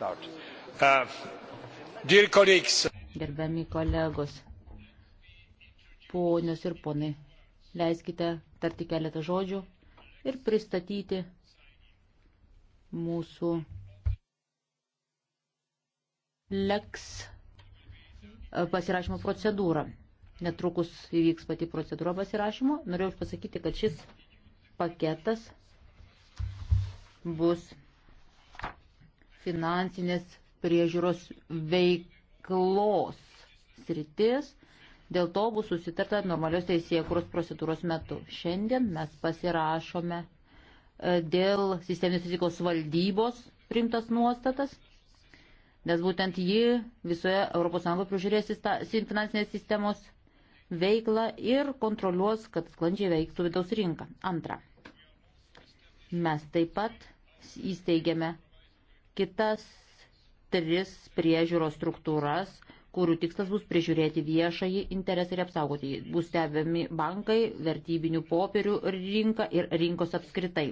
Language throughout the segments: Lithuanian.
Uh, Gerbiami kolegos, ponios ir ponai, leiskite tarti keletą žodžių ir pristatyti mūsų leks pasirašymo procedūrą. Netrukus įvyks pati procedūra pasirašymo. Norėjau pasakyti, kad šis paketas bus finansinės priežiūros veiklos sritis. Dėl to bus susitarta normalios teisėkūros procedūros metu. Šiandien mes pasirašome e, dėl sisteminės rizikos valdybos primtas nuostatas, nes būtent ji visoje ES prižiūrės finansinės sistemos veiklą ir kontroliuos, kad sklandžiai veiktų vidaus rinka. Antra, mes taip pat įsteigėme kitas tris priežiūros struktūras, kurių tikslas bus prižiūrėti viešąjį interesą ir apsaugoti jį. Bus stebimi bankai, vertybinių popierių rinka ir rinkos apskritai.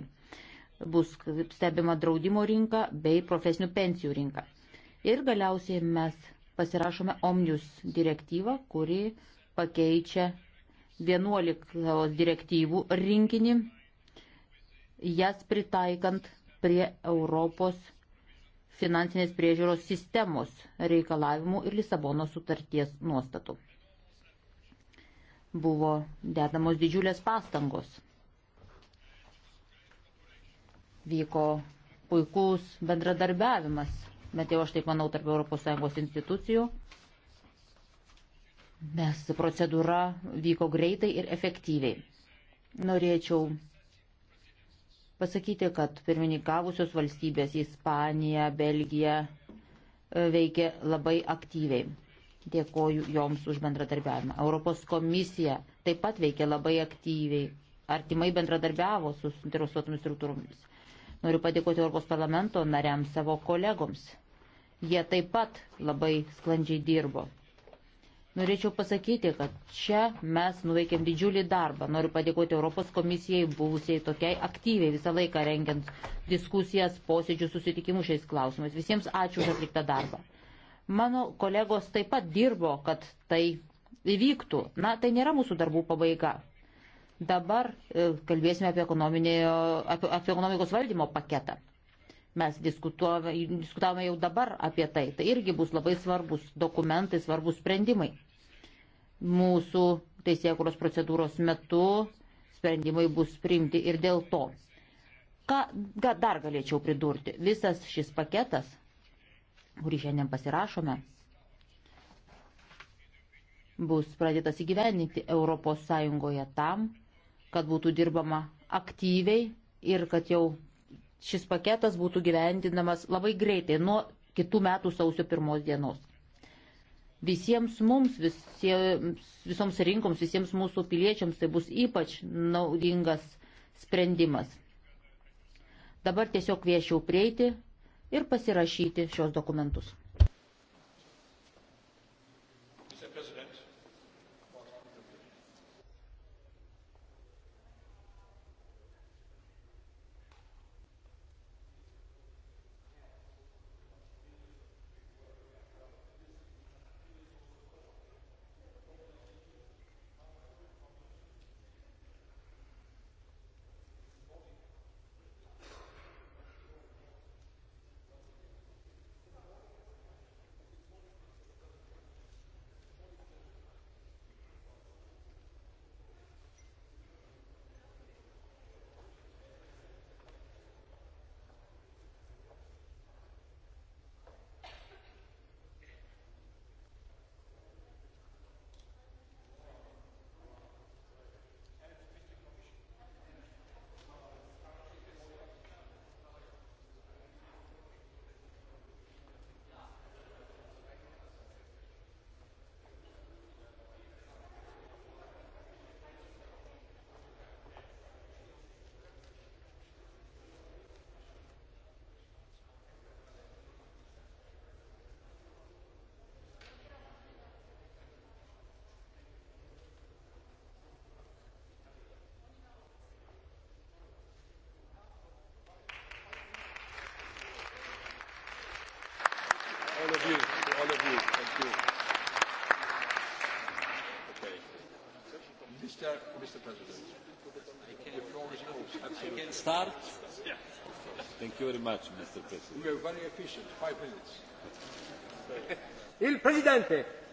Bus stebima draudimo rinka bei profesinių pensijų rinka. Ir galiausiai mes pasirašome Omnius direktyvą, kuri pakeičia 11 direktyvų rinkinį, jas pritaikant prie Europos finansinės priežiūros sistemos reikalavimų ir Lisabono sutarties nuostatų. Buvo dedamos didžiulės pastangos. Vyko puikus bendradarbiavimas, bet jau aš taip manau, tarp ES institucijų, nes procedūra vyko greitai ir efektyviai. Norėčiau pasakyti, kad pirmininkavusios valstybės Ispanija, Belgija e, veikia labai aktyviai. Dėkoju joms už bendradarbiavimą. Europos komisija taip pat veikia labai aktyviai, artimai bendradarbiavo su suinteresuotomis struktūromis. Noriu padėkoti Europos parlamento nariams savo kolegoms. Jie taip pat labai sklandžiai dirbo. Norėčiau pasakyti, kad čia mes nuveikėm didžiulį darbą. Noriu padėkoti Europos komisijai, buvusiai tokiai aktyviai visą laiką rengiant diskusijas, posėdžių, susitikimų šiais klausimais. Visiems ačiū už atliktą darbą. Mano kolegos taip pat dirbo, kad tai įvyktų. Na, tai nėra mūsų darbų pabaiga. Dabar e, kalbėsime apie, apie, apie ekonomikos valdymo paketą. Mes diskutavome jau dabar apie tai. Tai irgi bus labai svarbus dokumentai, svarbus sprendimai mūsų teisėkuros procedūros metu sprendimai bus priimti ir dėl to. Ką, ką dar galėčiau pridurti? Visas šis paketas, kurį šiandien pasirašome, bus pradėtas įgyveninti ES tam, kad būtų dirbama aktyviai ir kad jau šis paketas būtų gyvendinamas labai greitai nuo kitų metų sausio pirmos dienos visiems mums, visiems, visoms rinkoms, visiems mūsų piliečiams tai bus ypač naudingas sprendimas. Dabar tiesiog kviečiau prieiti ir pasirašyti šios dokumentus. Mr. President. The floor is yours. Absolutely. I can start. Yeah. Thank you very much, Mr. President. You are very efficient. Five minutes. Il Presidente.